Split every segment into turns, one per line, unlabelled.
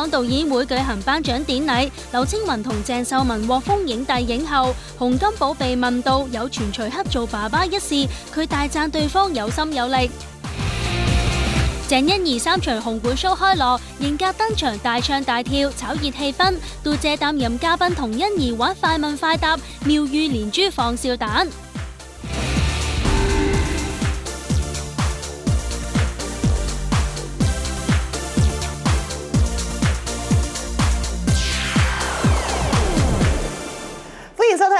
港導演會舉行頒獎典禮，劉青雲同鄭秀文獲封影帝影后，洪金寶被問到有傳徐克做爸爸一事，佢大讚對方有心有力。鄭欣宜三場紅館 show 開鑼，迎駕登場大唱大跳，炒熱氣氛。讀者擔任嘉賓，同欣宜玩快問快答，妙語連珠放笑彈。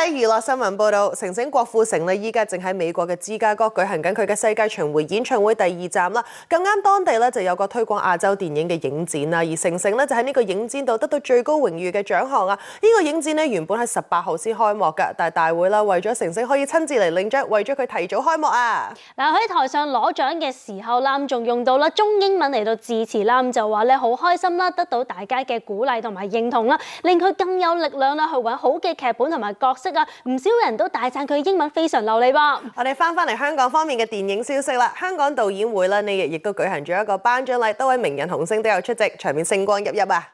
娛樂新聞報道，成成郭富城呢，依家正喺美國嘅芝加哥舉行緊佢嘅世界巡迴演唱會第二站啦。咁啱當地咧就有個推廣亞洲電影嘅影展啦，而成成咧就喺呢個影展度得到最高榮譽嘅獎項啊！呢個影展呢，原本係十八號先開幕噶，但係大會啦為咗成成可以親自嚟領獎，為咗佢提早開幕啊！
嗱，喺台上攞獎嘅時候啦，咁仲用到啦中英文嚟到致辭啦，咁就話咧好開心啦，得到大家嘅鼓勵同埋認同啦，令佢更有力量啦，去搵好嘅劇本同埋角色。唔少人都大讚佢英文非常流利噃。我哋翻返嚟香港方面嘅電影消息啦。香港導演
會咧，呢日亦都舉行咗一個頒獎禮，多位名人紅星都有出席，場面星光熠熠啊！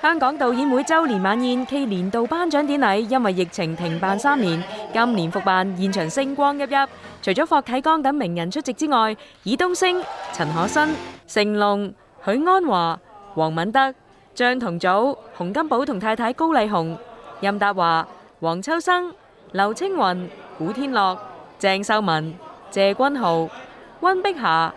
香港導演會周年晚宴暨年度頒獎典禮，因為疫情停辦三年，今年復辦，現場星光熠熠。除咗霍啟剛等名人出席之外，爾冬升、陳可辛、成龍、許鞍華、黃敏德。張同祖、洪金寶同太太高麗紅，任達華、黃秋生、劉青雲、古天樂、鄭秀文、謝君豪、溫碧霞、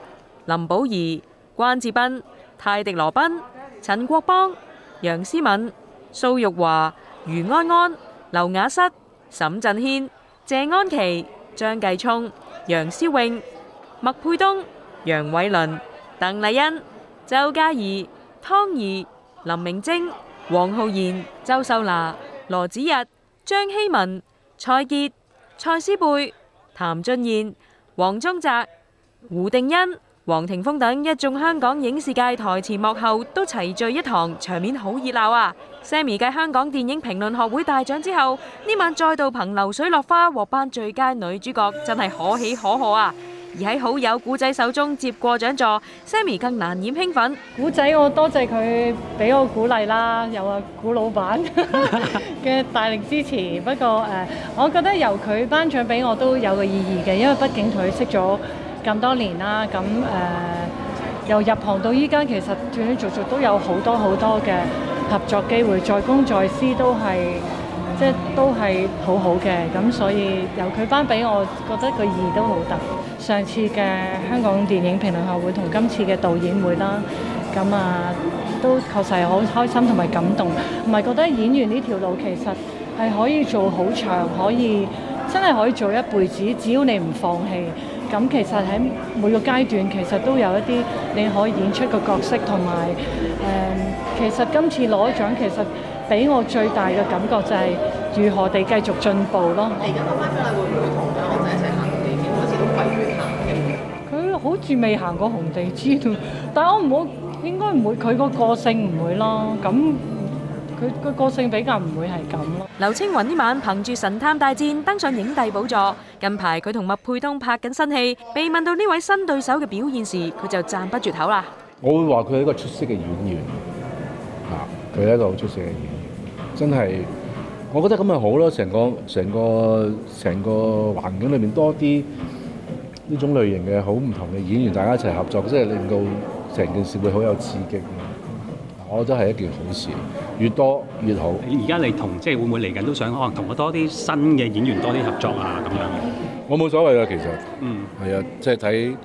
林保怡、關智斌、泰迪羅賓、陳國邦、楊思敏、蘇玉華、余安安、劉雅瑟、沈震軒、謝安琪、張繼聰、楊思穎、麥沛東、楊偉倫、鄧麗欣、周嘉怡、湯怡。林明晶、黃浩然、周秀娜、羅子溢、張曦文、蔡潔、蔡思貝、譚俊彥、黃宗澤、胡定欣、黃庭鋒等一眾香港影視界台前幕後都齊聚一堂，場面好熱鬧啊！Sammi 繼香港電影評論學會大獎之後，呢晚再度憑《流水落花》獲頒最佳女主角，真係可喜可賀啊！而喺好友古仔手中接過獎座，Sammy 更難掩興奮。
古仔，我多謝佢俾我鼓勵啦，又話古老闆嘅大力支持。 不過誒，我覺得由佢頒獎俾我都有個意義嘅，因為畢竟同佢識咗咁多年啦。咁誒、呃，由入行到依家，其實斷斷續續都有好多好多嘅合作機會，在公在私都係即係都係好好嘅。咁所以由佢頒俾我，覺得個意義都好大。上次嘅香港電影評論學會同今次嘅導演會啦，咁啊都確實係好開心同埋感動，同埋覺得演員呢條路其實係可以做好長，可以真係可以做一輩子，只要你唔放棄，咁其實喺每個階段，其實都有一啲你可以演出嘅角色，同埋誒其實今次攞獎其實俾我最大嘅感覺就係如何地繼續進步咯。你住未行過紅地毯知道，但係我唔好，應該唔會，佢個個性唔會咯。咁佢佢個性比較唔會係
咁咯。劉青雲呢晚憑住《神探大戰》登上影帝寶座。近排佢同麥佩東拍緊新戲，被問到呢位新對手嘅表現時，佢就讚不絕口啦。
我會話佢係一個出色嘅演員，啊，佢係一個好出色嘅演員，真係，我覺得咁咪好咯。成個成個成個環境裏面多啲。呢種類型嘅好唔同嘅演員，大家一齊合作，即係令到成件事會好
有刺激。我覺得係一件好事，越多越好。而家你同即係會唔會嚟緊都想可能同我多啲新嘅演員多啲合作啊？咁樣我冇所謂啊，其實嗯係啊，即係
睇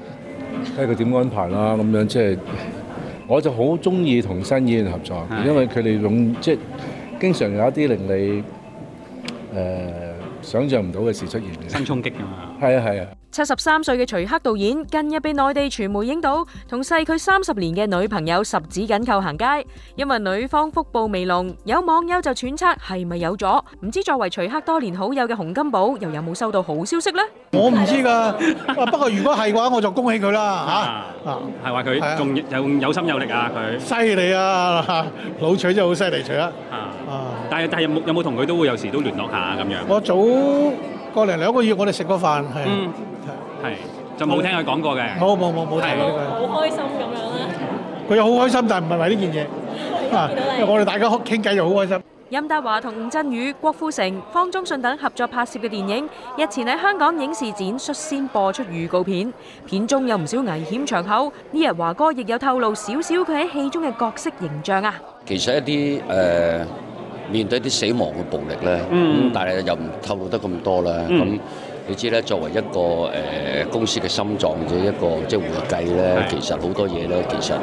睇佢點安排啦。咁樣即係我就好中意同新演員合作，因為佢哋用即係經常有一啲令你誒、呃、想象唔到嘅事出現。新衝擊啊嘛，係啊係啊。
七十三歲嘅徐克導演近日被內地傳媒影到同細佢三十年嘅女朋友十指緊扣行街，因為女方腹部微隆，有網友就揣測係咪有咗？唔知作為徐克多年好友嘅洪金寶又有冇收到好消息呢？
我唔知噶，
不過如果係嘅話，我就恭喜佢啦吓，係話佢仲仲有心有力啊佢。犀利啊，老徐就好犀利，除啦。啊，但係但係有冇有冇同佢都會有時都聯絡下咁樣？我早過嚟兩個月我哋食過飯係。
係就
冇聽佢講過嘅。好冇冇冇睇過，好開心咁樣啦。佢又好開心，但係唔係為呢件嘢。啊！我哋大家傾偈又好開心。
任達華同吳鎮宇、郭富城、方中信等合作拍攝嘅電影，日前喺香港影視展率先播出預告片，片中有唔少危險場口。呢日華哥亦有透露少少佢喺戲中嘅角色形象啊。
其實一啲誒面對啲死亡嘅暴力咧，咁但係又唔透露得咁多啦。咁你知咧，作為一個誒公司嘅心臟或者一個即係會計咧，其實好多嘢咧，其實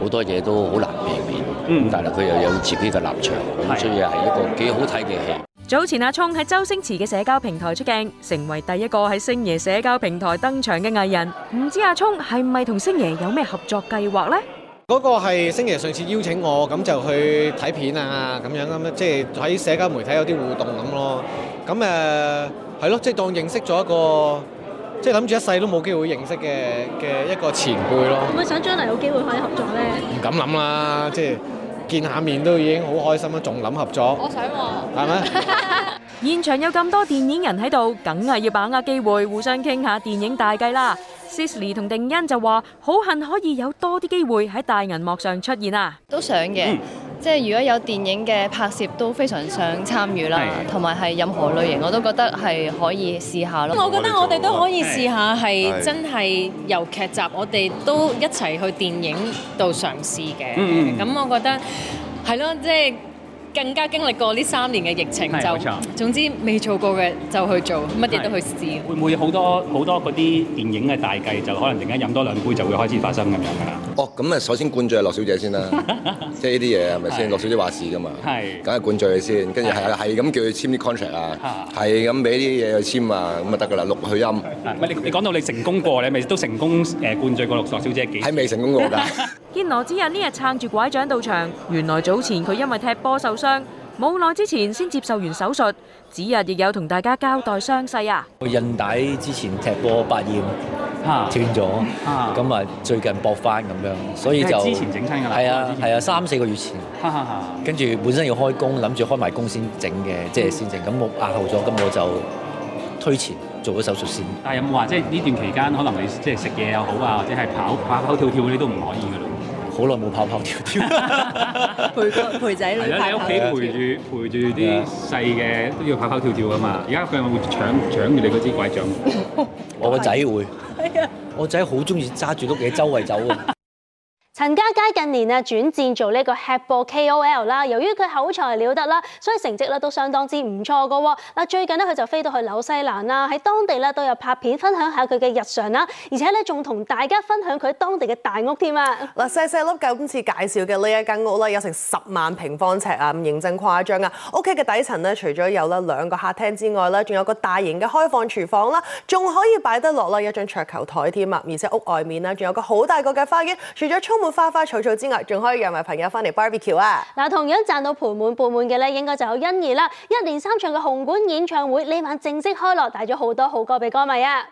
好多嘢都好難避免。咁但係佢又有自己嘅立場，咁所以係一個幾好睇嘅
戲。
早前阿聰喺周星馳嘅社交平台出鏡，成為第一個喺星爺社交平台登場嘅藝人。唔知阿聰係唔係同星爺有咩合作計劃咧？
嗰個係星爺上次邀請我，咁就去睇片啊，咁樣咁，即係喺社交媒體有啲互動咁咯。咁誒，係咯，即係當認識咗一個，即係諗住一世都冇機會認識嘅嘅一個前輩咯。會唔
會想將來有機會可以合作咧？唔
敢諗啦，即係見下面都已經好開心啦，仲諗合作？我想喎。係
咪？現場有咁多電影人喺度，梗係要把握機會，互相傾下電影大計啦。Sisley 同定欣就話：好恨可以有多啲機會喺大銀幕
上出現啊！都想嘅，即係如果有電影嘅拍攝都非常想參與啦，同埋係任何類型我都覺得係可以試下咯。我覺得我哋都可以試
下，係真係由劇集我哋都一齊去電影度嘗
試嘅。咁、嗯、我覺得係咯，即係。就是更加經歷過呢三年嘅疫情，就總之未做過嘅就去做，乜嘢都去試。會唔會
好多好多嗰
啲電影嘅大計，就可能突然間飲多兩杯就會開始發生咁樣㗎啦？哦，咁啊，首先灌醉阿樂小姐先啦， 即係呢啲嘢係咪先？樂小姐話事㗎嘛，係，梗係灌醉佢先，跟住係係咁叫佢簽啲 contract 啊，係咁俾啲嘢去簽啊，咁啊得㗎啦，錄佢音。唔係你你講到你成功過， 你係咪都成功誒灌醉過樂瑤小姐幾？係未成功過㗎。
見羅子日呢日撐住拐杖到場，原來早前佢因為踢波受傷，冇耐之前先接受完手術。子日亦有同大家交代傷勢啊！
韌帶之前踢波
百厭，嚇斷咗，咁 啊最近搏翻咁樣，所以就之前整親㗎喇，係啊係啊三四個月前， 跟住本身要開工，諗住開埋工先整嘅，即係先整。咁我壓後咗，咁我就推前做咗手術先。但係有冇話即係
呢段期間，可能你即係食嘢又好啊，或者係跑跑、跑跳跳呢都唔可以嘅嘞？好耐冇跑跑跳跳
陪，陪跑跑跳跳 家陪仔女喺屋企陪
住陪住，
啲細嘅都要跑跑跳跳噶嘛。而家佢係咪會搶搶住你嗰支拐杖？ 我個仔會， 我仔好中意揸住碌嘢周圍走
陳家佳，佳近年啊轉戰做呢個吃播 KOL 啦，由於佢口才了得啦，所以成績咧都相當之唔錯㗎喎。嗱，最近呢，佢就飛到去紐西蘭啦，喺當地咧都有拍片分享下佢嘅日常啦，而且咧仲同大家分享佢當地嘅大屋添啊。嗱，細細粒今
次介紹嘅呢一間屋啦，有成十萬平方尺啊，唔認真誇張啊。屋企嘅底層咧，除咗有啦兩個客廳之外咧，仲有個大型嘅開放廚房啦，仲可以擺得落啦一張桌球台添啊，而且屋外面咧仲有個好大個嘅花園，除咗充滿花花草草之外，仲可以約埋朋友翻嚟 barbecue 啊！嗱，
同樣賺到盆滿缽滿嘅咧，應該就有欣宜啦！一連三場嘅紅館演唱會，呢晚正式開落，帶咗好多好歌俾歌迷啊！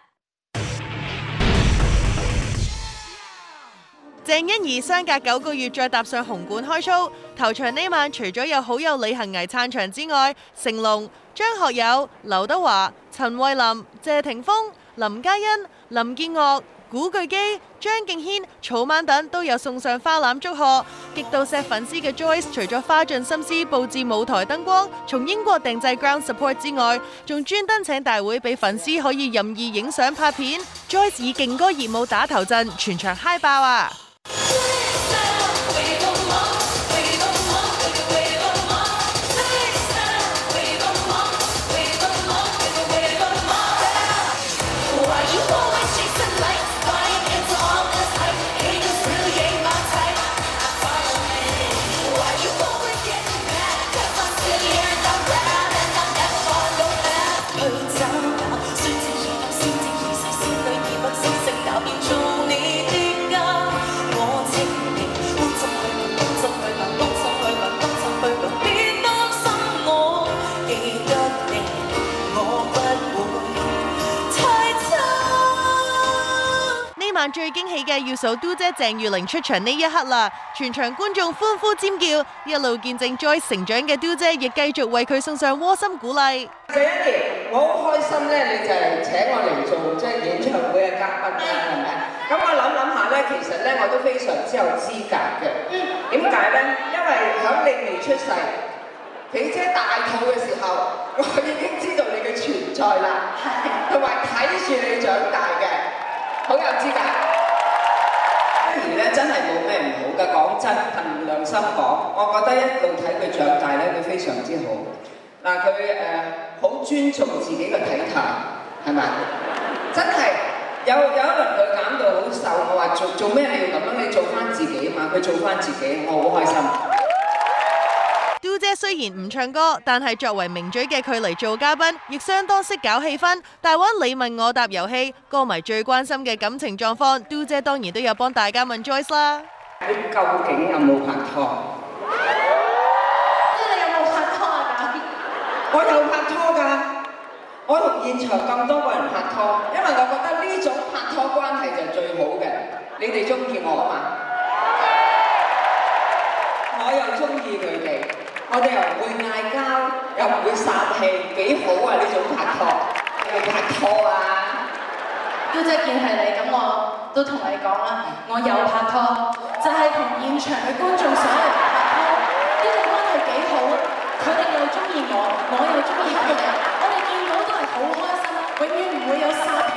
鄭欣宜相隔九個
月再踏上紅館開 show，頭場呢晚除咗有好友李幸倪撐場之外，成龍、張學友、劉德華、陳慧琳、謝霆鋒、林嘉欣、林建岳。古巨基、張敬軒、草蜢等都有送上花籃祝賀，極度錫粉絲嘅 Joyce 除咗花盡心思佈置舞台燈光，從英國訂製 ground support 之外，仲專登請大會俾粉絲可以任意影相拍片。 Joyce 以勁歌熱舞打頭陣，全場嗨爆啊！但最驚喜嘅要數嘟姐鄭裕玲出場呢一刻啦，全場觀眾歡呼尖叫，一路見證再成長嘅嘟姐亦繼續為佢送上窩心鼓勵。鄭欣宜，我好開心咧，你就係請我嚟做即係演唱會嘅嘉賓，係咪？咁我諗諗下咧，其實咧我都非常之有資格
嘅。嗯。點解咧？因為響你未出世，喜姐大肚嘅時候，我已經知道你嘅存在啦，同埋睇住你長
大
嘅。好有資格，雖然不如咧真係冇咩唔好嘅，講真，憑良心講，我覺得一路睇佢長大咧，佢非常之好。嗱、啊，佢誒好尊重自己嘅體態，係咪？真係有有一輪佢減到好瘦，我話做做咩你要咁樣？你做翻自己啊嘛，佢做翻
自己，我、哦、好開心。
嘟姐雖然唔唱歌，但係作為名嘴嘅佢嚟做嘉賓，亦相當識搞氣氛。大玩你問我答遊戲，歌迷最關心嘅感情狀況，嘟姐當然都有幫大家問 Joyce 啦。究竟有
冇拍拖？即係你有冇拍拖啊？打邊？我有
拍拖噶，我同現場咁多個人拍拖，因為我覺得呢種拍拖關係就最好嘅。你哋中意我啊嘛？我又中意佢哋。我哋又唔會嗌交，又唔會散氣，幾好啊！呢種拍拖，啊、拍拖啊！
都真係見係你咁，我都同你講啦，我有拍拖，就係、是、同現場嘅觀眾所有人拍拖，呢個關係幾好，佢哋又中意我，我又中意佢哋，我哋見到都係好開心，永遠唔會有散。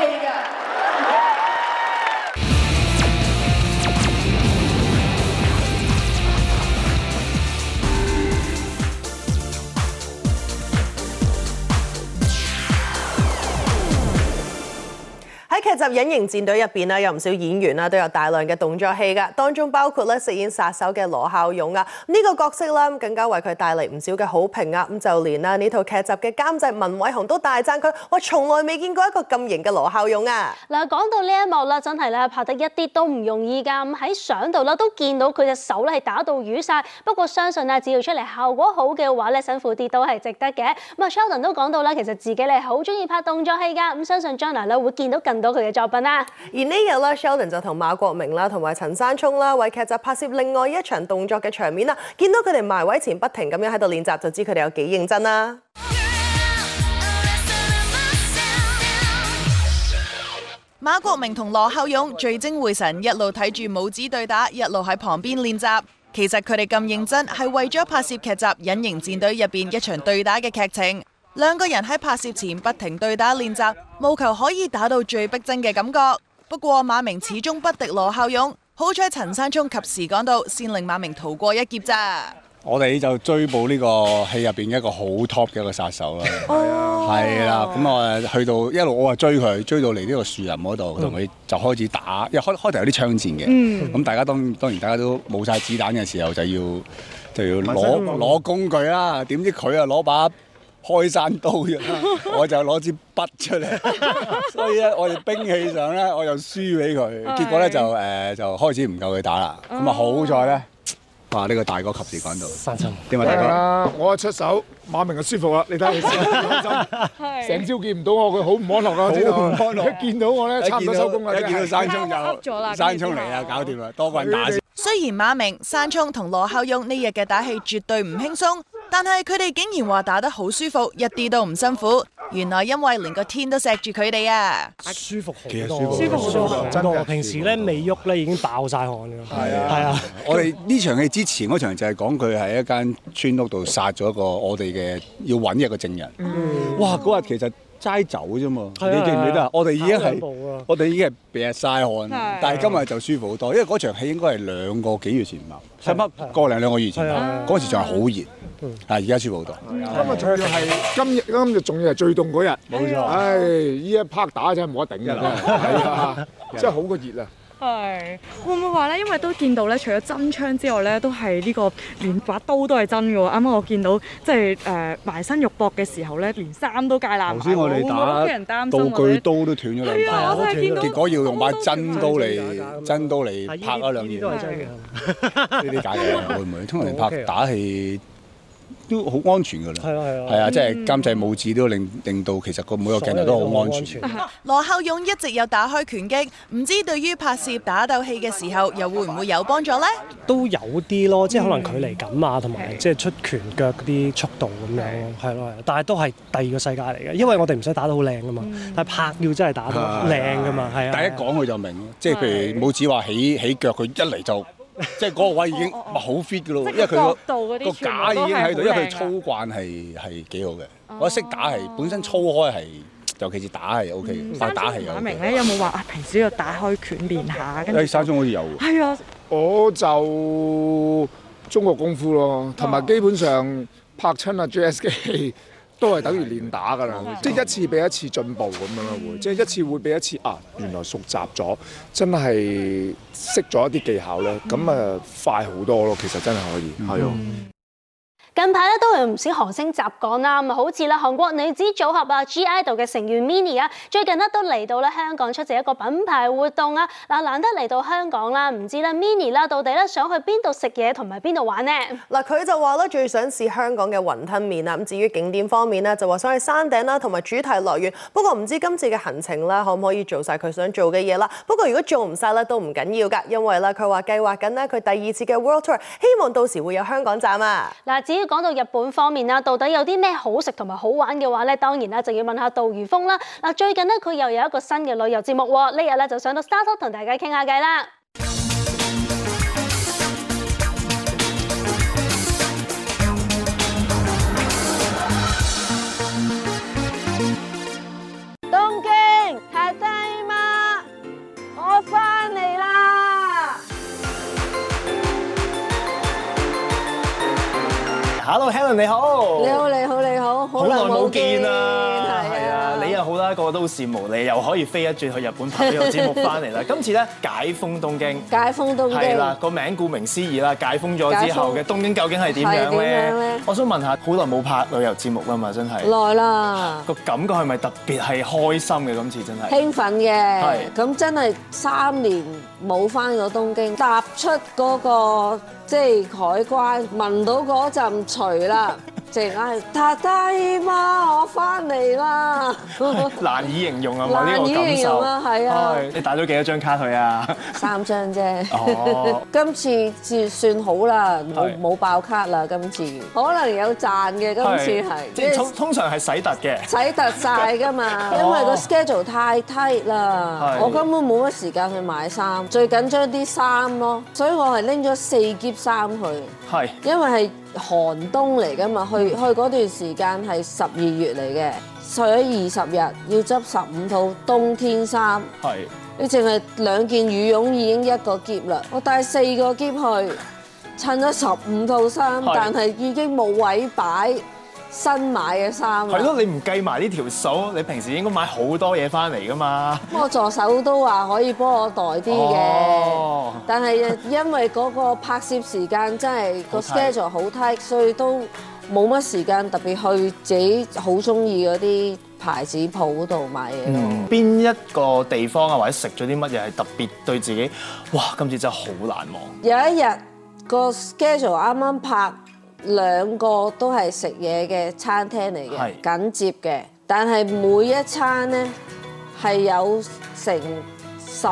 《集隱形戰隊》入邊咧有唔少演員啦，都有大量嘅動作戲噶，當中包括咧飾演殺手嘅羅孝勇啊，呢個角色啦更加為佢帶嚟唔少嘅好評啊，咁就連啦呢套劇集嘅監製文偉雄都大讚佢，我從來未見過一個咁型嘅羅孝勇啊。
嗱，講到呢一幕啦，真係咧拍得一啲都唔容易噶，咁喺相度啦都見到佢隻手咧係打到瘀晒，不過相信咧只要出嚟效果好嘅話咧辛苦啲都係值得嘅。咁啊 Charlene 都講到啦，其實自己咧好中意拍動作戲噶，咁相信將來咧會見到更多佢嘅作品啦，而呢日啦 Sheldon 就同馬國明啦，同埋陳山聰啦，為劇集拍攝另外一
場動作嘅場面啦，見到佢哋埋位前不停咁樣喺度練習，就知佢哋有幾認真啦。馬國明同羅孝勇聚精會神，一路睇住拇指對打，一路喺旁邊練習。其實佢哋咁認真係為咗拍攝劇集《隱形戰隊》入邊一場對打嘅劇情。兩個人喺拍攝前不停對打練習，務求可以打到最逼真嘅感覺。不過馬明始終不敵羅孝勇，好彩陳山聰及時趕到，先令馬明逃過一劫咋。
我哋就追捕呢個戲入邊一個好 top 嘅一個殺手啦，係啊、oh. 係啦。咁我去到一路我啊追佢，追到嚟呢個樹林嗰度，同佢就開始打。因為開開，開頭有啲槍戰嘅，咁、mm. 大家當當然大家都冇晒子彈嘅時候，就要就要攞攞工具啦。點知佢啊攞把開山刀啫，我就攞支筆出嚟，所以咧我哋兵器上咧，我又輸俾佢，結果咧就誒就開始唔夠佢打啦。咁啊好在咧，哇呢個大哥及時趕到，山聰點解大哥，我一出手馬明就舒服啦，你睇下，成朝見唔到我佢好唔安樂咯，好唔安樂，一見到我咧差唔多收工啦，一見到山聰就山聰嚟啊，搞掂啦，多個人打。
雖然馬明、山聰同羅孝勇呢日嘅打戲絕對唔輕鬆。但係佢哋竟然話打得好舒服，一啲都唔辛苦。原來因為連個天都錫住佢哋啊！舒
服好
多其實舒服好多，舒服好多,多，真,舒服好
多真平時咧未喐咧已經爆晒汗了啊，係、嗯、啊，
我哋呢場戲之前嗰場就係講佢喺一間村屋度殺咗一個我哋嘅要揾嘅一個證人。嗯。哇，嗰日其實齋走啫嘛、嗯。你記唔記得啊？我哋已經係、啊、我哋已經係撇晒汗，啊、但係今日就舒服好多，因為嗰場戲應該係兩個幾月前拍。係乜、啊？係啊、個零兩個月前拍，嗰、啊啊、時仲係好熱。係而家舒服好多
今，咁啊重要係
今日，今日仲要係最凍嗰日，冇錯。唉，依一拍打真係冇得頂嘅，真係、 啊、好過熱啊！
係會唔會話咧？因為都見到咧，除咗真槍之外咧，都係呢、呢個連把刀都係真嘅喎。啱啱我見到即係誒埋身肉搏嘅時候咧，連衫都戒爛埋。頭先我哋打會會人道具刀
都斷咗兩把、哎，結果要用把真刀嚟真刀嚟拍咗兩頁。呢啲假嘢會唔會通常拍打戲？ 都好安全噶啦，係啊係啊，係啊，即係、啊就是、監製武指都令令，令到其實個每個鏡頭都好安，安全。
羅孝勇一直有打開拳擊，唔知對於拍攝打鬥戲嘅時候又會唔會有幫助咧？
都有啲咯，即係可能距離感啊，同埋即係出拳腳嗰啲速度咁樣。係咯、啊，但係都係第二個世界嚟嘅，因為我哋唔使打得好靚噶嘛，但係拍要真係打到靚噶嘛，係
啊。第、啊啊、一講佢就明，即係、啊、譬如武指話起起腳，佢一嚟就。即係嗰個位已經咪好 fit 嘅咯、哦哦哦，因為佢個個架已經喺度，因為佢操慣係係幾好嘅、啊。我識打係本身操開係，尤其打係 okay,、嗯、打係 OK，但係打係有。山阿
明咧有冇話啊？
平時要打開拳練下。誒，山中好似有喎。係啊，我就中國功夫咯，同埋基本上拍親啊，J S K。都係等於練打㗎啦，即係一次比一次進步咁樣咯，會即係一次會比一次啊，原來熟習咗，真係識咗一啲技巧咧，咁啊快好多咯，其實真係可以，係、嗯、咯。
近排咧都有唔少韓星襲港啦，咁啊好似啦韓國女子組合啊 G-I-DLE 嘅成員 Minnie 啊，最近咧都嚟到咧香港出席一個品牌活動啊！嗱，難得嚟到香港啦，唔知咧 Minnie 啦到底咧想去邊度食嘢同埋邊度玩呢？
嗱，佢就話咧最想試香港嘅雲吞麵啊。咁至於景點方面咧就話想去山頂啦同埋主題樂園，不過唔知道今次嘅行程咧可唔可以做晒佢想做嘅嘢啦？不過如果做唔晒咧都唔緊要㗎，因為咧佢話計劃緊咧佢第二次嘅 World Tour，
希望到時會有香港站啊！嗱，講到日本方面啦，到底有啲咩好食同埋好玩嘅話咧，當然啦，就要問下杜如風啦。嗱，最近咧佢又有一個新嘅旅遊節目，呢日咧就上到 studio 同大家傾下計啦。
東京，再見。
Hello Helen 你好！你好，
你好，你好，好耐冇見啦！
個個都羨慕你，又可以飛一轉去日本拍呢個節目翻嚟啦！今次咧解封東京，
解封東京係啦，
個名顧名思義啦，解封咗之後嘅東京究竟係點樣咧？我想問下，好耐冇拍旅遊節目吖嘛，真係
耐啦，
個感覺係咪特別係開心嘅？今次真係興
奮嘅，咁真係三年冇翻咗東京，踏出嗰個即係海關，聞到嗰陣除啦。即係，太太姨媽，我翻嚟啦！
難以形容啊，我啲我感受。難以形容啊，係啊！你帶咗幾多張卡去啊？
三張啫。哦。今次算算好啦，冇冇爆卡啦。今次可能有賺嘅，今次係。即係通通
常係洗突嘅。洗
突晒㗎嘛，因為個 schedule 太 tight 啦。係。我根本冇乜時間去買衫，最緊張啲衫咯，所以我係拎咗四件衫去。係。因為係。寒冬嚟噶嘛，去去嗰段時間係十二月嚟嘅，去咗二十日，要執十五套冬天衫。係，你淨係兩件羽絨已經一個篋，啦，我帶四個篋去，襯咗十五套衫，是但係已經冇位擺。新買嘅衫啊！係咯，你
唔計埋呢條數，你平時應該買好多嘢翻嚟㗎嘛。
我助手都話可以幫我袋啲嘅、哦，但係因為嗰個拍攝時間 真係個 schedule 好 tight，所以都冇乜時間特別去自己好中意嗰啲牌子鋪度買嘢。
邊、嗯、一個地方啊，或者食咗啲乜嘢係特別對自己？哇！今次真係好難忘。有
一日、個 schedule 啱啱拍。兩個都係食嘢嘅餐廳嚟嘅，緊接嘅。但係每一餐呢，係有成十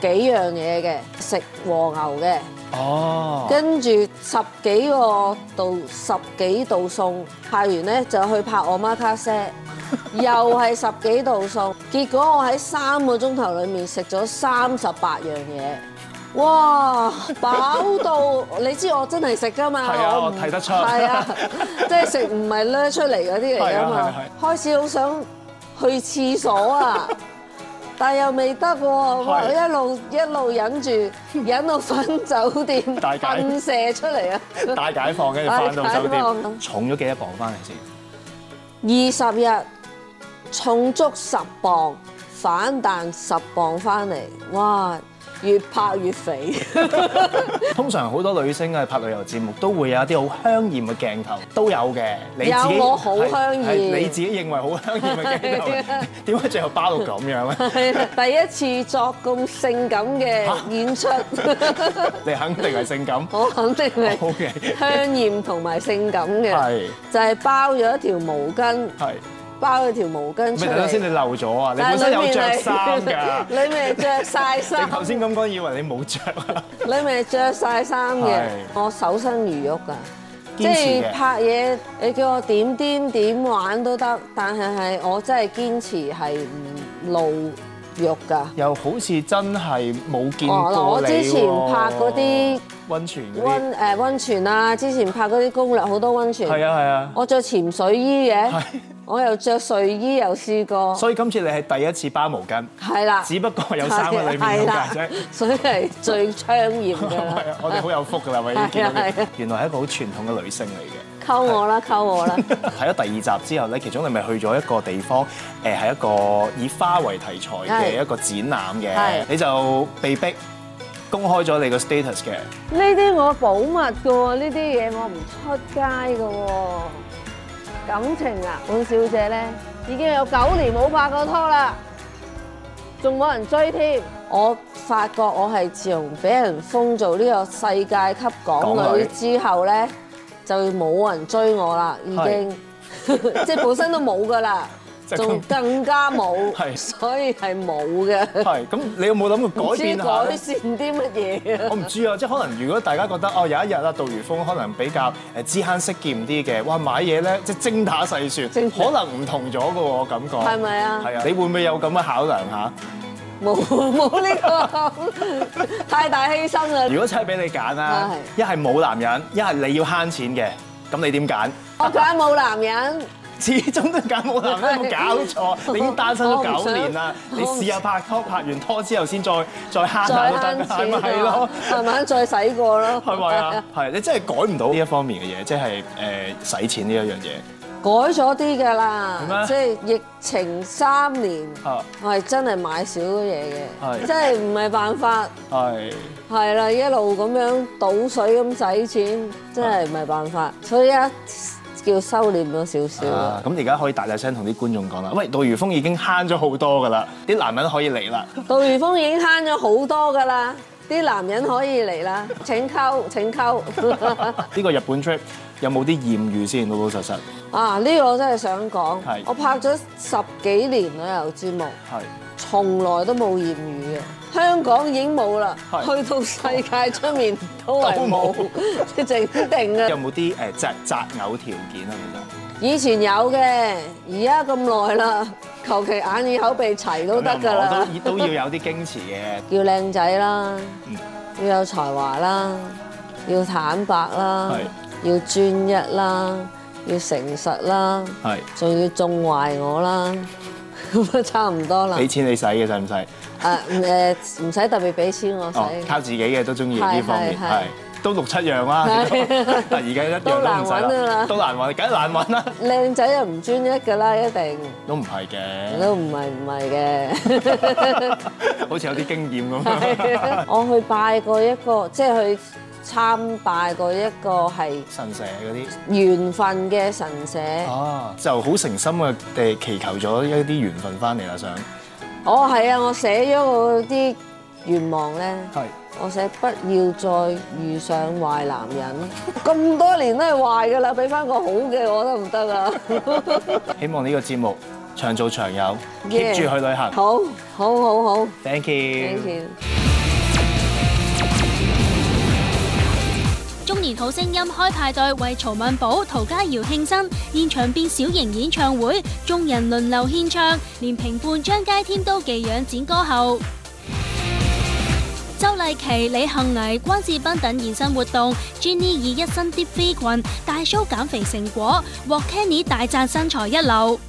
幾樣嘢嘅，食和牛嘅。哦。
跟
住十幾個度，十幾度餸，拍完呢，就去拍我媽卡莎，又係十幾度餸。結果我喺三個鐘頭裡面食咗三十八樣嘢。哇！飽到你知我真係食㗎嘛？係啊，我睇得出是，係啊，即係食唔係掠出嚟嗰啲嚟啊嘛！開始好想去廁所啊，但又未得喎，我一路一路忍住，忍到翻酒店，噴射出嚟啊！大解放，跟住翻到
重咗幾多磅翻嚟先？
二十日重足十磅，反彈十磅翻嚟，哇！越拍越肥 。
通常好多女星啊拍旅遊節目都會有一啲好香艷嘅鏡頭，都有嘅。有我好香艷，你自己認為好香艷嘅鏡頭，點解最後包到咁樣咧？係。
第一次作咁性感嘅演出，
你肯定係性感，我
肯定係。香艷同埋性感嘅，係就係包咗一條毛巾。係。包佢條毛巾出嚟。唔係，等等先，你
漏咗啊！你本身有著衫㗎。你咪著
曬衫。你頭
先咁講，以為你冇著啊？
你咪著曬衫嘅。我守身如玉㗎，即係拍嘢，你叫我點癲點玩都得，但係係我真係堅持係唔露肉㗎。又
好似真係冇見過你喎。我之前拍嗰啲溫泉
溫誒溫泉啊，之前拍嗰啲攻略好多溫泉。係啊係啊。我著潛水衣嘅。我又着睡衣又試過，所
以今次你係第一次包毛巾，係啦，只不過有衫喺裏面咁大，
所以係最搶眼啦。 我哋好
有福㗎啦，咪、啊啊啊啊、原來係一個好傳統嘅女性嚟嘅。
溝我啦，溝我啦。
睇 咗第二集之後咧，其中你咪去咗一個地方，誒係一個以花為題材嘅一個展覽嘅，你就被逼公開咗你個 status 嘅。
呢啲我保密㗎喎，呢啲嘢我唔出街㗎喎。感情啊，本小姐咧已經有九年冇拍過拖啦，仲冇人追添。我發覺我係自從俾人封做呢個世界級港女之後咧，就冇人追我啦，已經， 即係本身都冇噶啦。仲更加冇，係， 所以係冇嘅。係，咁
你有冇諗過改變下改善
啲乜嘢啊？我唔知
啊，即係可能如果大家覺得哦，有一日啊，杜如風可能比較誒知慳識儉啲嘅，哇買嘢咧即係精打細算，可能唔同咗嘅喎我感覺。係咪啊？係啊！你會唔會有咁嘅考量下？
冇冇呢個 太大犧牲啊！如果真
係俾你揀啦，一係冇男人，一係你要慳錢嘅，咁你點揀？
我揀冇男人。 始終都揀冇男，有冇搞錯？你已經單身咗九年啦，你試下
拍拖，拍完拖之後先再再慳下得㗎，係咪咯？是是
慢慢再使過咯，係咪啊？
係，你真係改唔到呢一方面嘅嘢，即係誒使錢呢一樣嘢。
改咗啲㗎啦，即係、就是、疫情三年，我係 真係買少咗嘢嘅，真係唔係辦法。係係啦，一路咁樣倒水咁使錢，真係唔係辦法。所以啊～叫收斂咗少少啊！
咁而家可以大聲同啲觀眾講啦。喂，杜如風已經慳咗好多噶啦，啲男人可以嚟啦。
杜如風已經慳咗好多噶啦，啲男人可以嚟啦。 請溝，請溝。
呢個日本 trip 有冇啲艷遇先？老老實實。
啊，呢、呢個我真係想講。我拍咗十幾年旅遊節目，從來都冇艷遇嘅。香港已經冇啦，去到世界出面都冇，即係定定有
冇啲誒擇擇偶條件啊？其實
以前有嘅，而家咁耐啦，求其眼耳口鼻齊都得㗎啦。
都都要有啲矜
持嘅，要靚仔啦，要有才華啦，要坦白啦，要專一啦，要誠實啦，仲要縱壞我啦。咁 啊，差唔多啦。俾
錢你使嘅使唔使？
啊，誒，唔使特別俾錢我使。Oh, 靠
自己嘅都中意呢方面，係 都六七樣啦。而家一樣都難揾啦，都難揾，梗係難揾啦。
靚仔又唔專一㗎啦，一定。
都唔係嘅。 都唔
係唔係嘅。
好似有啲經驗咁。
我去拜過一個，即係去。參拜過一個係神社嗰啲緣分嘅神社，啊，
就好誠心嘅地祈求咗一啲緣分翻嚟啊！想
哦，係啊，我寫咗我啲願望咧，我寫不要再遇上壞男人，咁多年都係壞噶啦，俾翻個好嘅我得唔得啊？
希望呢個節目長做長有，keep、yeah. 住去旅行，好，好，好，好，thank
you，thank
you。You. 中年好聲音開派對為曹文寶、陶家瑤慶生，現場變小型演唱會，眾人輪流獻唱，連評判張佳添都寄養展歌喉。周麗淇、李幸倪、關智斌等現身活動，Jennie 以一身 D 飛裙大 show 減肥成果，獲 Kenny 大讚身材一流。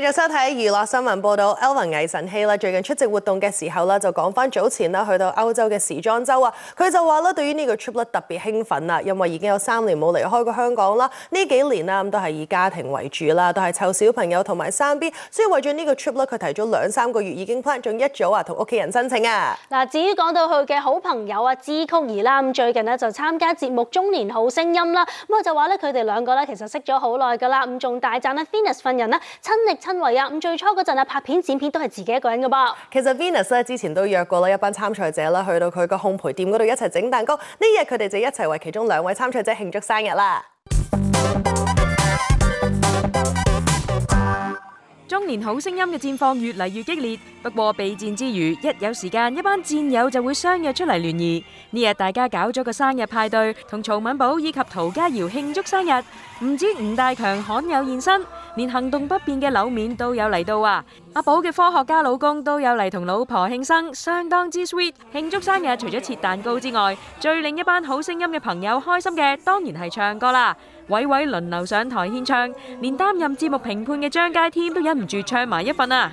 繼續收睇娛樂新聞報道，Elon 倪晨曦啦，最近出席活動嘅時候啦就講翻早前啦去到歐洲嘅時裝周啊，佢就話咧對於呢個 trip 咧特別興奮啦，因為已經有三年冇離開過香港啦，呢幾年啦咁都係以家庭為主啦，都係湊小朋友同埋生 B，所以為咗呢個 trip 咧，佢提早兩三個月已經 plan 盡一早啊同屋企人申請啊。
嗱，至於講到佢嘅好朋友阿朱曲兒啦，咁最近就參加節目《中年好聲音》啦，咁佢就話咧佢哋兩個咧其實識咗好耐噶啦，咁仲大讚咧 Finus 份人親力親。氛圍啊！咁最初嗰陣啊，拍片剪片都係自己一個人噶噃。
其實 Venus 咧，之前都約過啦，一班參賽者啦，去到佢個烘焙店嗰度一齊整蛋糕。呢日佢哋就一齊為其中兩位參賽者慶祝生日啦。
中年好聲音嘅戰況越嚟越激烈，不過備戰之餘，一有時間，一班戰友就會相約出嚟聯誼。呢日大家搞咗個生日派對，同曹敏寶以及陶家瑤慶祝生日。唔止吳大強罕有現身，連行動不便嘅樓面都有嚟到，啊。阿寶嘅科學家老公都有嚟同老婆慶生，相當之 sweet。慶祝生日除咗切蛋糕之外，最令一班好聲音嘅朋友開心嘅，當然係唱歌啦。位位輪流上台獻唱，連擔任節目評判嘅張佳添都忍唔住唱埋一份啊！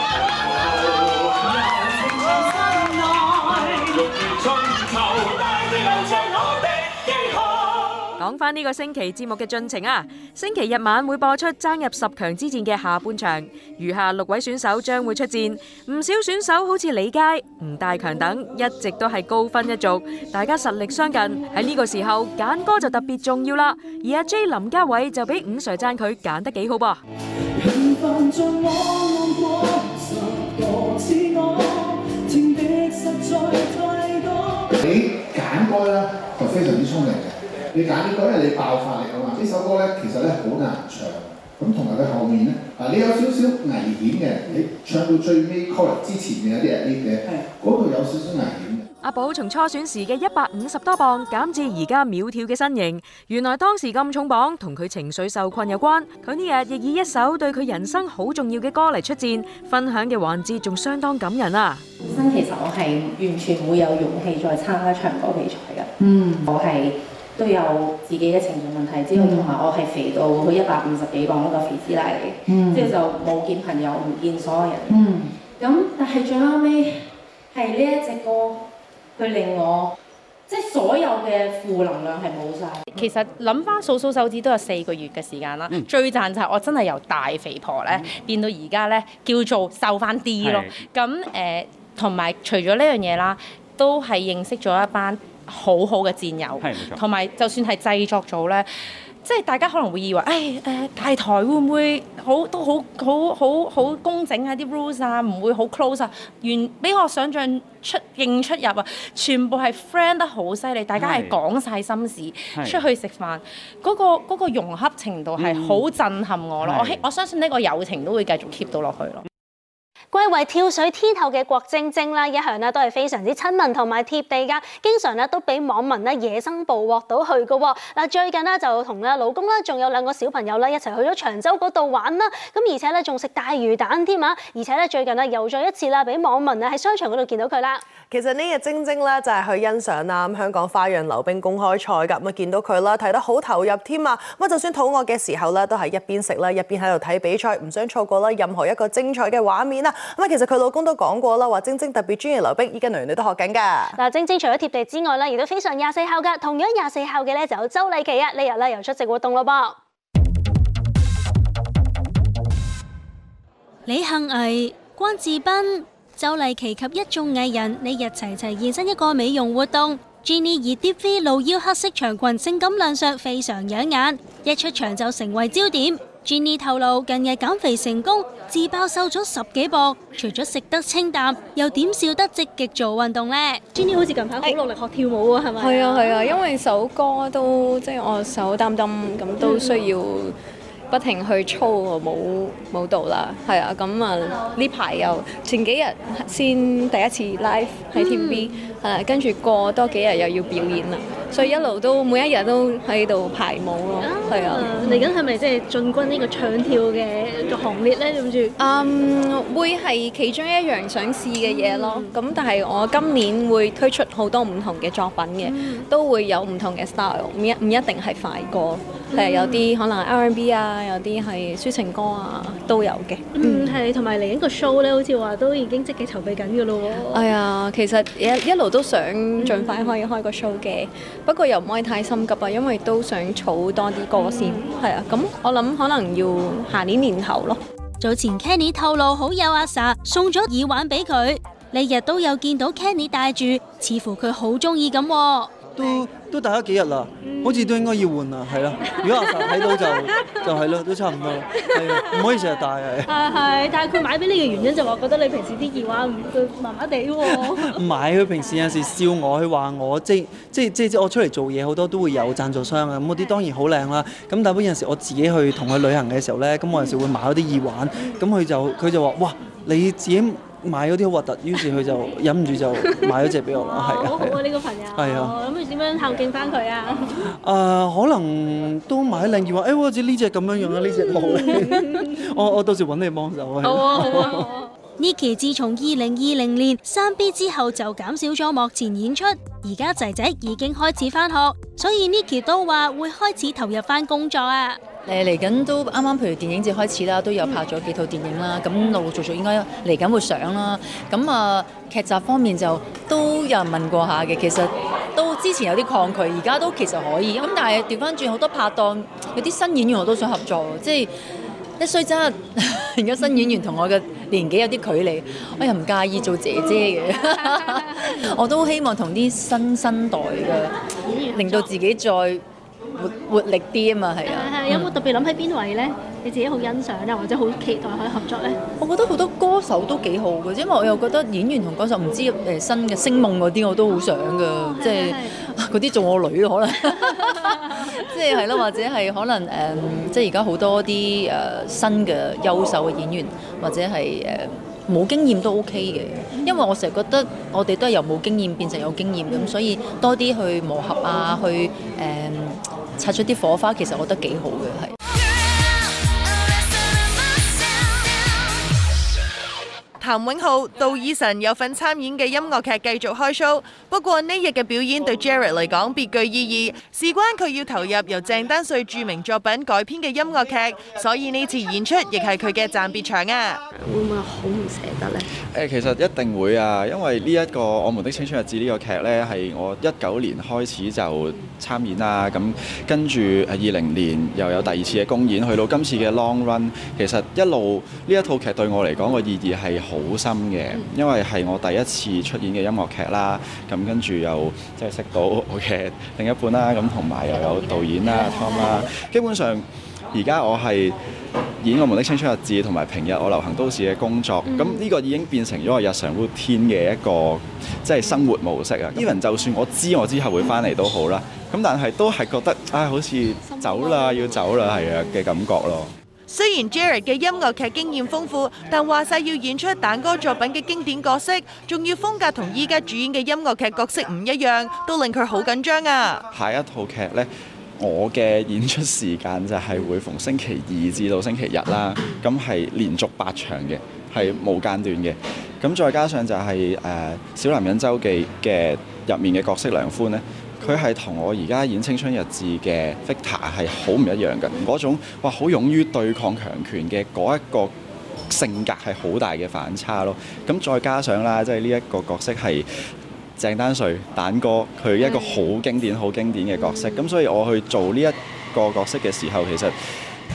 講翻呢個星期節目嘅進程啊，星期日晚會播出爭入十強之戰嘅下半場，餘下六位選手將會出戰。唔少選手好似李佳、吳大強等，一直都係高分一族，大家實力相近。喺呢個時候揀歌就特別重要啦。而阿 J、林嘉偉就俾五 sir 讚佢揀得幾好噃、
啊。你揀歌呢，
就非常之聰明。你簡單講，因為你爆發力啊嘛！呢首歌咧，其實咧好難唱，咁同埋佢後面咧，啊，你有少少危險嘅，你唱到最尾 collapse 之前嘅一啲嘢，嗰度有少少危
險。阿
寶從初選時嘅一百五十多磅減至而家苗條嘅身形，原來當時咁重磅同佢情緒受困有關。佢呢日亦以一首對佢人生好重要嘅歌嚟出戰，分享嘅環節仲相當感人啊！本身其實我係完全
冇有勇氣再參加唱歌比賽嘅。嗯，我係。都有自己嘅情緒問題，之後同埋、嗯、我係肥到去一百五十幾磅嗰個肥師奶嚟，即、嗯、係就冇見朋友，唔見所有人。咁、嗯嗯、但係最後尾係呢一隻歌，佢令我即係所有嘅負能量係冇晒。其實諗翻數數手指都有四個月嘅時間啦、嗯，最讚就係我真係由大肥婆咧、嗯、變到而家咧叫做瘦翻啲咯。咁誒同埋除咗呢樣嘢啦，都係認識咗一班好好嘅戰友，同埋就算係製作組呢，即係大家可能會以為，誒誒、呃，大台會唔會好都好好好好工整啊？啲 rules 啊，唔會好 close 啊，原俾我想象出應出入啊，全部係 friend 得好犀利，大家係講晒心事，出去食飯，嗰、嗰個嗰個融洽程度係好震撼我咯，嗯、我我相信呢個友情都會繼續 keep 到落去咯。
貴為跳水天后嘅郭晶晶啦，一向咧都係非常之親民同埋貼地噶，經常咧都俾網民咧野生捕獲到佢噶。嗱，最近咧就同阿老公啦，仲有兩個小朋友咧一齊去咗長洲嗰度玩啦。咁而且咧仲食大魚蛋添啊！而且咧最近咧又再一次啦俾網民啊喺商場嗰度見到佢啦。其實呢日晶晶咧
就係去欣賞啦香港花樣溜冰公開賽㗎，咁啊見到佢啦睇得好投入添啊，咁就算肚餓嘅時候咧都係一邊食咧一邊喺度睇比賽，唔想錯過啦任何一個精彩嘅畫面啊！咁其實佢老公也說說清清都講過啦，話晶晶特別專業溜冰，依家男女都學緊噶。
嗱，晶晶除咗貼地之外咧，亦都非常廿四孝噶。同樣廿四孝嘅咧，就有周麗淇啊，呢日咧又出席活動咯噃。李幸儀、關智斌、周麗淇及一眾藝人呢日齊齊現身一個美容活動，Jenny 以 DVF 露腰黑色長裙，性感亮相，非常養眼，一出場就成為焦點。Jenny 透露近日減肥成功，自爆瘦咗十幾磅，除咗食得清淡，又點少得積極做運動呢？Jenny 好似近排好努力學跳舞、hey. 是是啊，係咪？係啊係啊，因為首歌都即係、就是、我手擔擔咁都需要。Mm-hmm. 不停去操舞蹈啦，係啊咁啊呢排又前幾日先第一次 live 喺 TV，mm. 啊跟住過多幾日又要表演啦，所以一路都每一日都喺度排舞咯，係、oh. 啊嚟緊係咪即係進軍呢個唱跳嘅行列咧？諗住？嗯，會係其中一樣想試嘅嘢咯，咁、mm. 但係我今年會推出好多唔同嘅作品嘅，mm. 都會有唔同嘅 style，唔一唔一定係快歌，係、mm. 有啲可能 R&B 啊。有啲係抒情歌啊，都有嘅。嗯，係，同埋嚟緊個 show 咧，好似話都已經積極籌備緊嘅咯喎。係啊，其實一一路都想盡快可以開個 show 嘅，不過又唔可以太心急啊，因為都想儲多啲歌先。係、嗯、啊，咁我諗可能要下年年頭咯。早前 Kenny 透露好友阿 Sa 送咗耳環俾佢，你日都有見到 Kenny 戴住，似乎佢好中意咁。都都戴咗幾日啦，
好似都應該要換啦，係、嗯、啦、啊。如果阿叔睇到就就係、是、咯，都差唔多啦。唔、 啊、可以成日戴係。係、啊啊啊，但係佢買俾你嘅原因、啊、就話覺得
你平時啲耳環
唔、啊，佢麻麻地喎。唔係，佢平時有時笑我，佢話我即即即即我出嚟做嘢好多都會有贊助商啊，咁啲當然好靚啦。咁但係嗰陣時我自己去同佢旅行嘅時候咧，咁我有時會買咗啲耳環，咁佢就佢就話：哇，你自己。」買嗰啲好核突，於是佢就忍唔 住就買咗隻俾我啦、 啊。好好啊，呢、呢個朋友。
係啊，諗住點樣孝敬翻佢
啊？誒、 呃，可能都買了另一，件、哎、呢隻咁樣 這一隻。誒好似呢隻咁樣樣啊，呢隻冇。我我到時揾你幫手啊，啊。好啊
好啊。 Niki 自從二零二零年生 B 之後就減少咗幕前演出，而家仔仔已經開始返學，所以 Niki 都話會開始投入翻工作啊。
誒嚟緊都啱啱，譬如電影節開始啦，都有拍咗幾套電影啦。咁陸陸續續應該嚟緊會上啦。咁啊劇集方面就都有人問過一下嘅，其實都之前有啲抗拒，而家都其實可以。咁但係調翻轉好多拍檔有啲新演員我都想合作，即係、就是、一衰真係而家新演員同我嘅年紀有啲距離，我又唔介意做姐姐嘅。嗯、 我都希望同啲新生代嘅、嗯，令到自己再。活力啲啊嘛，係
啊，有冇特別諗喺邊位咧？你自己好欣賞啊，或者好期待可以合作咧？我
覺得好多歌手都幾好嘅，因為我又覺得演員同歌手唔知誒新嘅星夢嗰啲我都好想㗎，即係嗰啲做我女咯可能，即係係咯，或者係可能誒，即係而家好多啲誒新嘅優秀嘅演員，或者係誒。冇經驗都 OK 嘅，因為我成日覺得我哋都係由冇經驗變成有經驗，咁，所以多啲去磨合啊，去誒擦出啲火花，其實我覺得幾好嘅係。
譚永浩杜以晨，有份參演嘅音樂劇繼續開 show，不過呢日嘅表演對 Jared 嚟講別具意義，事關佢要投入由鄭丹瑞著名作品改編嘅音樂劇，所以呢次演出亦係佢嘅暫別場啊！會唔會好唔捨得呢？
誒，其實一定會啊，因為呢一個《我們的青春日誌》呢個劇呢，係我一九年開始就參演啊，咁跟住二零年又有第二次嘅公演，去到今次嘅 Long Run，其實一路呢一套劇對我嚟講個意義係好。好深嘅，因為係我第一次出演嘅音樂劇啦，咁跟住又即係識到我嘅另一半啦，咁同埋又有導演啦、Tom 啦，基本上而家我係演《我們的青春日誌》同埋平日我流行都市嘅工作，咁、嗯、呢個已經變成咗我日常每天嘅一個即係、就是、生活模式啊。Even 就算我知我之後會翻嚟都好啦，咁但係都係覺得啊、哎，好似走啦，要走啦，係啊嘅感覺咯。
雖然 Jerry 嘅音樂劇經驗豐富，但話晒要演出蛋哥作品嘅經典角色，仲要風格同依家主演嘅音樂劇角色唔一樣，都令佢好緊張啊！
下一套劇呢，我嘅演出時間就係會逢星期二至到星期日啦，咁係連續八場嘅，係無間斷嘅。咁再加上就係《小男人周記》嘅入面嘅角色梁寬呢。佢係同我而家演《青春日誌》嘅 Victor 係好唔一樣嘅，嗰種哇好勇於對抗強權嘅嗰一個性格，係好大嘅反差咯。咁再加上啦，即係呢一個角色係鄭丹瑞蛋哥，佢一個好經典、好、嗯、經典嘅角色。咁、嗯、所以我去做呢一個角色嘅時候，其實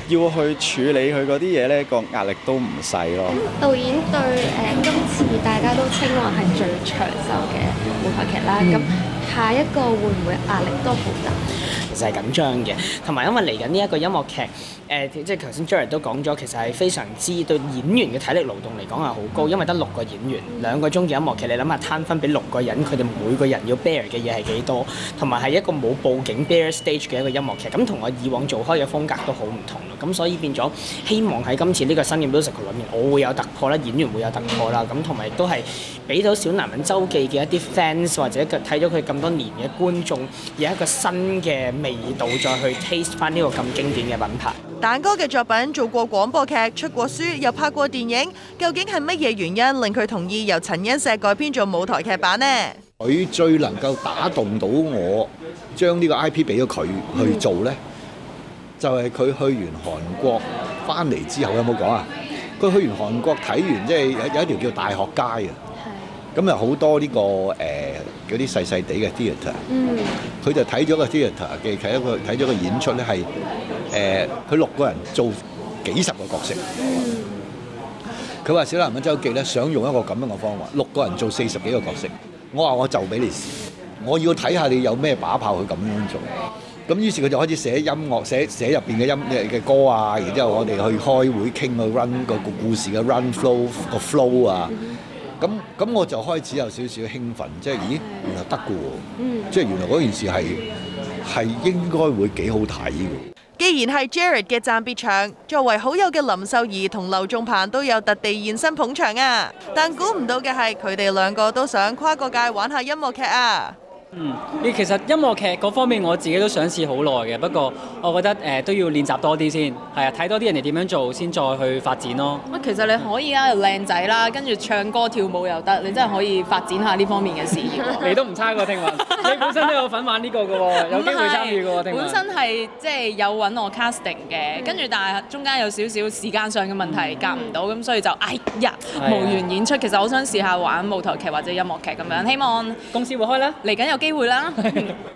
要去處理佢嗰啲嘢呢，個壓力都唔細咯。
導
演對、呃、今次大家都稱我為係最長壽嘅舞台劇啦，咁、嗯。下一個會不會壓力都好大？
就係緊張嘅，同埋因為嚟緊呢一
個音樂劇，誒即係頭先 Jerry 都講咗，其實係非常之對演員嘅體力勞動嚟講係好高，因為得六個演員兩個鐘嘅音樂劇，你諗下攤分俾六個人，佢哋每個人要 bear 嘅嘢係幾多，同埋係一個冇佈景 bare stage 嘅一個音樂劇，咁同我以往做開嘅風格都好唔同咯，咁所以變咗希望喺今次呢個新嘅《musical》裏面，我會有突破啦，演員會有突破啦，咁同埋都係俾到小男人周記嘅一啲 fans 或者睇咗佢咁多年嘅觀眾，有一個新嘅。第二度再去 taste 翻呢個咁經典嘅品牌。
蛋哥嘅作品做過廣播劇，出過書，又拍過電影。究竟係乜嘢原因令佢同意由陳恩碩改編做舞台劇版呢？
佢最能
夠打動到我，將呢個 IP 俾咗佢去做呢、嗯，就係、是、佢去完韓國翻嚟之後有冇講啊？佢去完韓國睇完，即係有有一條叫大學街啊。咁又好多呢、呢個誒。呃嗰啲細細地嘅 theatre，佢、嗯、就睇咗個 theatre 嘅睇一個睇咗個演出咧，係誒，佢六個人做幾十個角色。佢、嗯、話《小男人周記》呢咧想用一個咁樣嘅方法，六個人做四十幾個角色。我話我就俾你試，我要睇下你有咩把炮去咁樣做。咁於是佢就開始寫音樂，寫寫入邊嘅音嘅歌啊，然之後我哋去開會傾個 run 個故事嘅 run flow 個 flow 啊。嗯咁咁我就開始有少少興奮，即係咦，原來得嘅喎、嗯，即係原來嗰件事係係應該會幾好睇嘅。
既然係 Jared 嘅暫別場，作為好友嘅林秀怡同劉仲鵬都有特地現身捧場啊！但估唔到嘅係，佢哋兩個都想跨個界玩下音樂劇啊！
嗯，你其實音樂劇嗰方面我自己都想試好耐嘅，不過我覺得誒、呃、都要練習多啲先，係啊，睇多啲人哋點樣做先再去發展咯。咁
其實你可以啊，靚仔啦，跟住唱歌跳舞又得，你真係可以發展下呢方面嘅事業、啊。 你都
唔差嘅，聽聞 你本身都有份玩呢個嘅喎，有機會參與嘅聽聞。本身
係即係有揾我 casting 嘅，跟、嗯、住但係中間有少少時間上嘅問題夾唔到，咁、嗯、所以就哎呀無緣演出、哎。其實我想試下玩舞台劇或者音樂劇咁樣，希望公司會開啦。嚟緊
有機機會啦～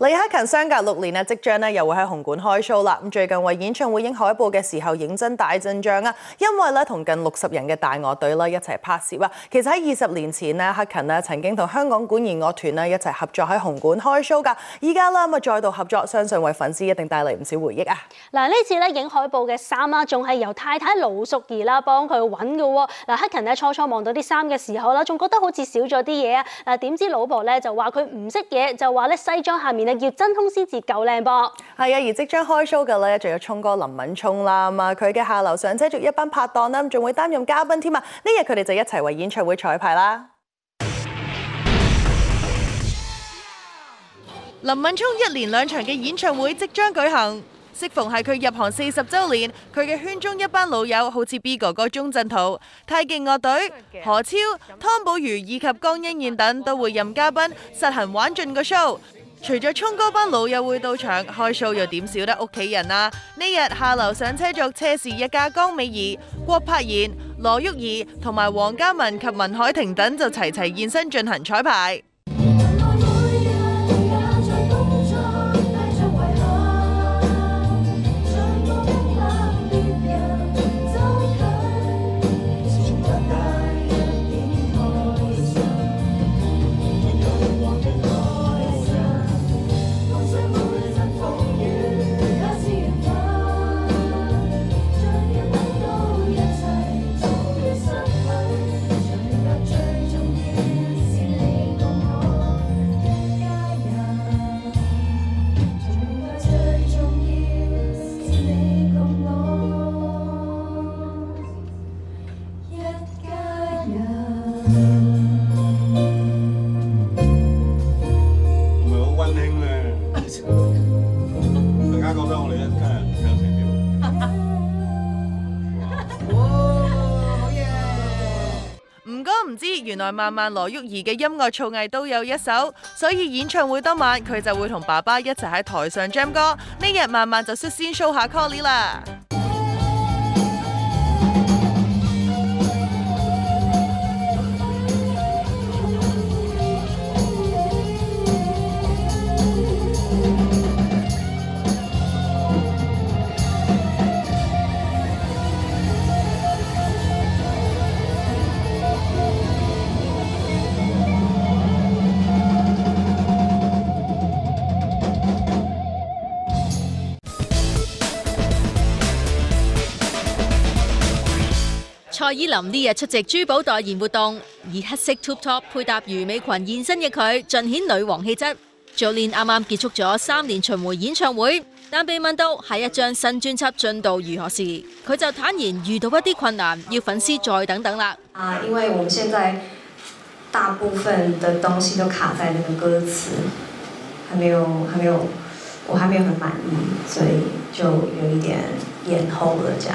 李克勤相隔六年咧，即將咧又會喺紅館開 show 啦。咁最近為演唱會影海報嘅時候，認真大陣仗啊！因為咧同近六十人嘅大樂隊啦一齊拍攝啊。其實喺二十年前咧，克勤咧曾經同香港管弦樂團咧一齊合作喺紅館開 show 㗎。依家啦咁啊再度合作，相信為粉絲一定帶嚟唔少回憶啊！
嗱，呢次咧影海報嘅衫啦，仲係由太太盧淑儀啦幫佢揾㗎喎。嗱，克勤咧初初望到啲衫嘅時候啦，仲覺得好似少咗啲嘢啊。嗱，點知老婆咧就話佢唔識嘢，就話咧西裝下面。要真空先至夠靚噃，係啊！而即將開 show 㗎啦，仲有聰哥林敏聰啦，啊佢嘅下樓
上車，仲一班拍檔啦，仲會擔任嘉賓添啊！呢日佢哋就一齊為演唱會彩排啦。Yeah! 林敏聰一連兩場嘅演唱會即將舉行，適逢係佢入行四十週年，佢嘅圈中一班老友，好似 B 哥哥鍾鎮濤、太極樂隊、何超、湯寶如以及江欣燕等，都會任嘉賓實行玩盡個 show。除咗沖哥班老友會到場，開 s 又點少得屋企人啊！呢日下樓上車作車時，一家江美儀、郭柏賢、羅毓兒同埋黃嘉文及文海婷等就齊齊現身進行彩排。慢慢羅玉儀嘅音樂造詣都有一手，所以演唱會當晚佢就會同爸爸一齊喺台上 jam 歌。呢日慢慢就率先 show 下 call 你啦。
蔡依林呢日出席珠寶代言活動，以黑色 tube top 配搭魚尾裙現身嘅佢，盡顯女王氣質。早年啱啱結束咗三年巡迴演唱會，但被問到下一張新專輯進度如何時，佢就坦言遇到一啲困難，要粉絲再等等啦。啊，因為我們現在
大部分的東西都卡在那個歌詞，還沒有，還沒有，我還沒有很滿意，所以就有一點延後了，這樣。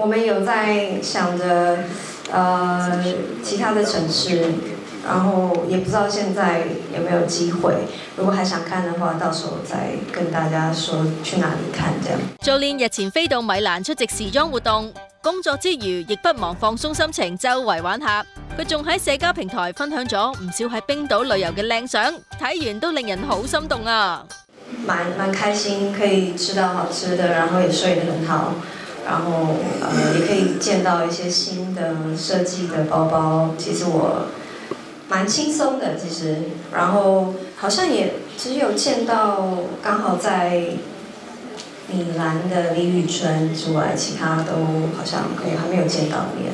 我們有在想着，呃是是，其他的城市，然後也不知道現在有沒有機會。如果還想看的話，到時候再跟大家說去哪裏看
這樣。趙麗日前飛到米蘭出席時裝活動，工作之餘亦不忘放鬆心情，周圍玩一下。佢仲喺社交平台分享咗唔少喺冰島旅遊嘅靚相，睇完都令人好心動啊！蠻蠻開心，可
以吃到好吃的，然後也睡得很好。然後，呃，也可以見到一些新的設計的包包。其實我蠻輕鬆的，其實。然後好像也只有見到剛好在米蘭的李宇春之外，其他都好像可沒有見到面。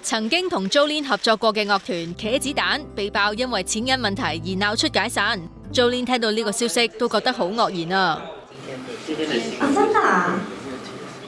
曾經同 Jolin 合作過嘅樂團茄子蛋，被爆因為錢銀問題而鬧出解散。Jolin 聽到呢個消息都覺得好愕然啊！啊，
真噶？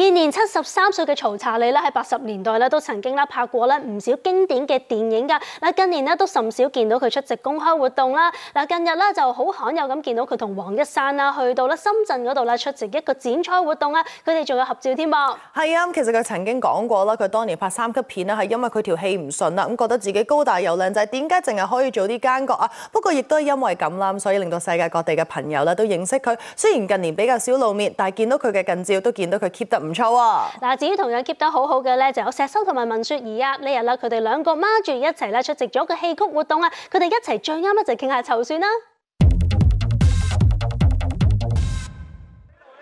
現年七十三歲嘅曹查理咧，喺八十年代咧都曾經咧拍過咧唔少經典嘅電影㗎。嗱近年咧都甚少見到佢出席公開活動啦。嗱近日咧就好罕有咁見到佢同黃一山啦去到咧深圳嗰度咧出席一個剪綵活動啊。佢哋仲有合照添噃。係啊，其實
佢曾經講過啦，佢當年拍三級片咧係因為佢條戲唔順啦，咁覺得自己高大又靚仔，點解淨係可以做啲奸角啊？不過亦都係因為咁啦，所以令到世界各地嘅朋友咧都認識佢。雖然近年比較少露面，但係見到佢嘅近照都見到佢 keep 得唔錯喎！
嗱，至於同樣 keep 得好好嘅咧，就有石修同埋文雪兒啊！呢日啦，佢哋兩個孖住一齊咧出席咗個戲曲活動啊！佢哋一齊最啱一齊就傾下湊孫啦！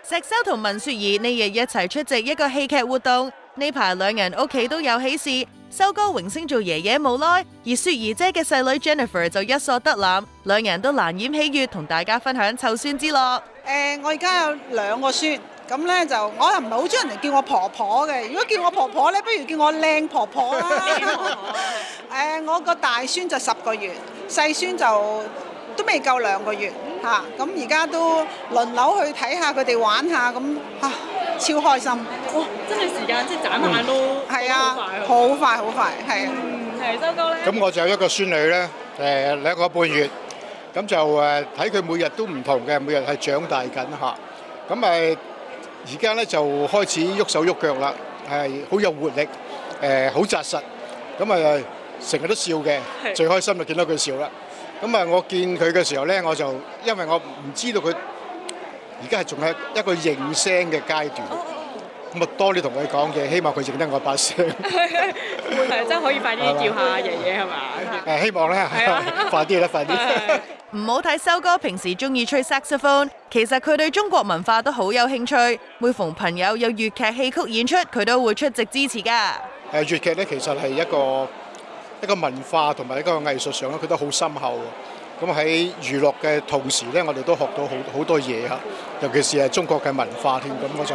石修同文雪兒呢日一齊出席一個戲劇活動，呢排兩人屋企都有喜事，修哥榮升做爺爺冇耐，而雪兒姐嘅細女 Jennifer 就一索得攬，兩人都難掩喜悅，同大家分享湊孫之樂。
誒、呃，我而家有兩個孫。咁咧就我又唔係好中意人哋叫我婆婆嘅，如果叫我婆婆咧，不如叫我靚婆婆啦。誒，我個大孫就十個月，細孫就都未夠兩個月嚇。咁而家都輪流去睇下佢哋玩下，咁啊超開心。哇！真係時間即係眨下咯，係啊，好快好快，係啊，係收工咧。咁我
就有一個孫女咧，誒兩個半月，咁就誒睇佢每日都唔同嘅，每日係長大緊嚇。咁咪～而家咧就開始喐手喐腳啦，係好有活力，誒好紮實，咁啊成日都笑嘅，最開心就見到佢笑啦。咁啊，我見佢嘅時候咧，我就因為我唔知道佢而家係仲係一個認聲嘅階段。咁啊，多你同佢講嘢，希望佢認得我把聲。
誒，真係可以快啲叫下爺爺係嘛？誒，希望咧，
快啲啦，快啲。
唔好睇修哥平時中意吹薩克斯風，其實佢對中國文化都好有興趣。每逢朋友有粵劇戲曲演出，佢都會出席支持㗎。誒，
粵劇咧其實係一個一個文化同埋一個藝術上咧，佢都好深厚。咁喺娛樂嘅同時咧，我哋都學到好好多嘢啊！尤其是係中國嘅文化添，咁我就。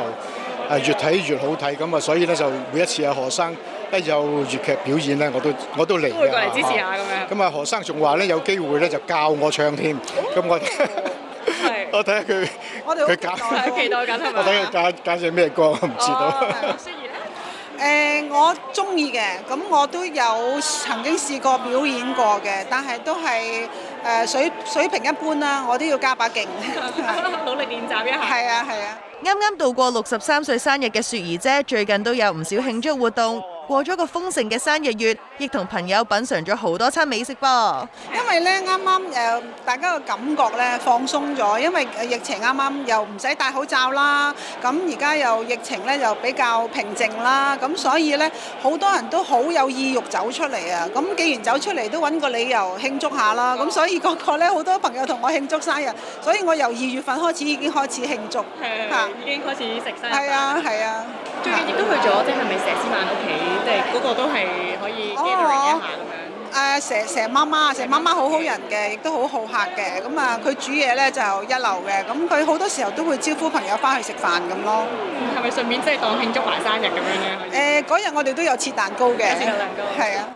啊越睇越好睇咁啊，所以呢就每一次何生一有粵劇表演呢，我都我都嚟嘅，會過嚟支持下咁樣。咁啊何生仲話呢，有機會呢就教我唱添。咁我我睇下
佢，佢揀，期待緊。
我睇下佢揀揀咩歌，我唔知道。
誒，我中意嘅，咁我都有曾經試過表演過嘅，但係都係。誒水，水平一般啦，我都要加把勁， 努力練習一下。係啊係啊！
啱啱、啊、度過六十三歲生日嘅雪兒姐，最近都有唔少慶祝活動。過咗個豐盛嘅生日月，亦同朋友品嘗咗好多餐美食
噃。因為呢啱啱誒，大家個感覺呢，放鬆咗，因為疫情啱啱又唔使戴口罩啦。咁而家又疫情呢，又比較平靜啦，咁所以呢，好多人都好有意欲走出嚟啊。咁既然走出嚟，都揾個理由慶祝下啦。咁所以個個呢，好多朋友同我慶祝生日，所以我由二月份開始已經開始慶祝，吓、啊、已經開始食生日。係啊係啊，最近亦都去咗，即係
咪佘詩曼屋企？嗰、那個都係可以交流一
下咁、哦呃、蛇，蛇媽媽，蛇媽媽好好人嘅，亦都好好客嘅。咁、嗯、啊，佢煮嘢咧就一流嘅。咁佢好多時候都會招呼朋友翻去食飯咁咯。係、嗯、
咪順便即係當慶祝埋生日咁
樣咧？嗰日、呃、我哋都有切蛋糕嘅，切蛋糕係啊。